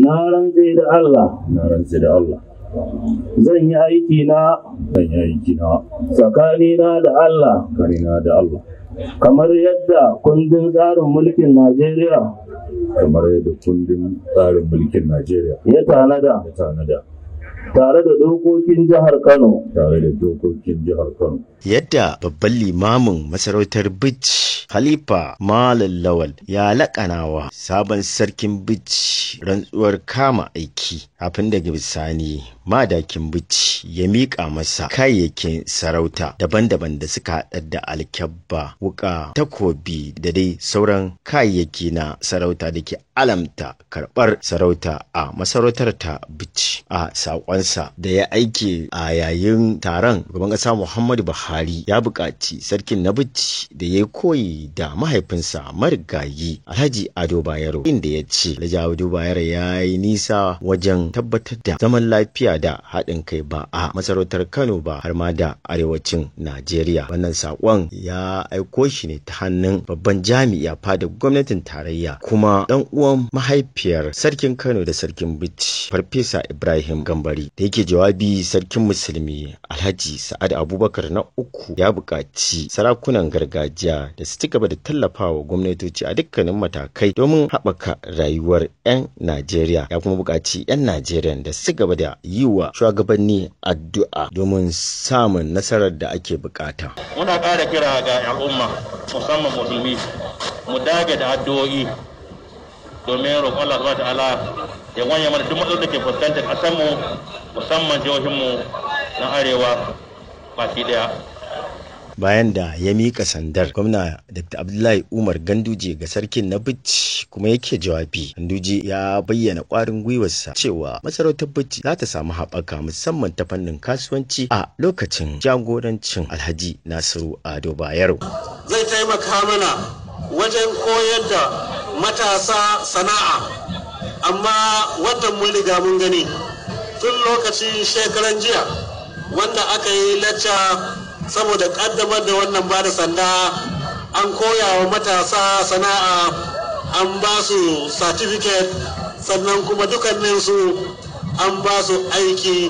na rantse da Allah na rantse da Allah zan yi aiki na zan yi aiki na tsakani na da Allah tsakani na da Allah kamar yadda kundin tsarin mulkin Najeriya kamar yadda kundin tsarin mulkin Najeriya ya tanada ya tanada tare da dokokin jihar Kano. Tare da dokokin jihar Kano. Yadda babban limamin masarautar Bichi Khalifa Malam Lawal ya laƙanawa sabon sarkin Bichi rantsuwar kama aiki kafin daga bisani madakin bici ya miƙa masa kayayyakin sarauta daban-daban da suka haɗa da alkyabba wuƙa takobi da dai sauran kayayyaki na sarauta da ke alamta karɓar sarauta a masarautar ta bici a saƙonsa da ya aiki a yayin taron gaban ƙasa muhammadu buhari ya buƙaci sarkin na bici da ya koyi da mahaifinsa marigayi alhaji ado bayero inda ya ce alhaji ado bayero ya yi nisa wajen tabbatar da zaman lafiya da haɗin kai ba a masarautar Kano ba har ma da arewacin Najeriya. Wannan saƙon ya aiko shi ne ta hannun babban jami'a fada gwamnatin tarayya kuma ɗan uwan mahaifiyar sarkin Kano da sarkin Bichi Farfesa Ibrahim Gambari da yake jawabi sarkin musulmi Alhaji Sa'ad Abubakar na uku ya buƙaci sarakunan gargajiya da su ci gaba da tallafawa gwamnatoci a dukkanin matakai domin haɓaka rayuwar 'yan Najeriya ya kuma buƙaci 'yan Najeriya da su gaba da yi yi wa shugabanni addu'a domin samun nasarar da ake bukata. Muna ƙara kira ga al'umma musamman musulmi mu dage da addu'o'i domin roƙon Allah subhanahu ta'ala ya wanya mana duk matsalolin da ke fuskantar ƙasarmu musamman jihohinmu na arewa baki daya bayan da ya mika sandar gwamna dr abdullahi umar ganduje ga sarkin na bici kuma yake jawabi ganduje ya bayyana kwarin gwiwarsa cewa masarautar bici za ta samu haɓaka musamman ta fannin kasuwanci a lokacin jagorancin alhaji nasiru ado bayero zai taimaka mana wajen koyar da matasa sana'a amma wannan mun riga mun gani tun lokacin shekaran jiya wanda aka yi lacca saboda kaddamar da wannan bada sanda an koya wa matasa sana'a an ba su certificate sannan kuma dukkaninsu an ba su aiki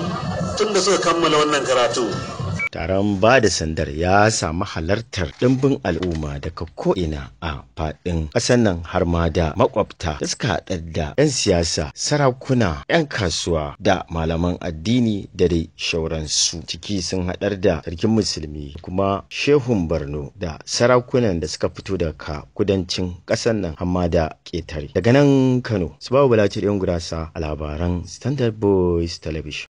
tun da suka kammala wannan karatu taron ba da sandar ya samu halartar ɗimbin al'umma daga ko'ina a faɗin ƙasar nan har ma da makwabta da suka haɗar da 'yan siyasa sarakuna 'yan kasuwa da malaman addini da dai shauransu ciki sun haɗar da sarkin musulmi kuma shehun barno, da sarakunan da suka fito daga kudancin ƙasar nan amma da ƙetare daga nan kano su ba wa gurasa a labaran standard boys television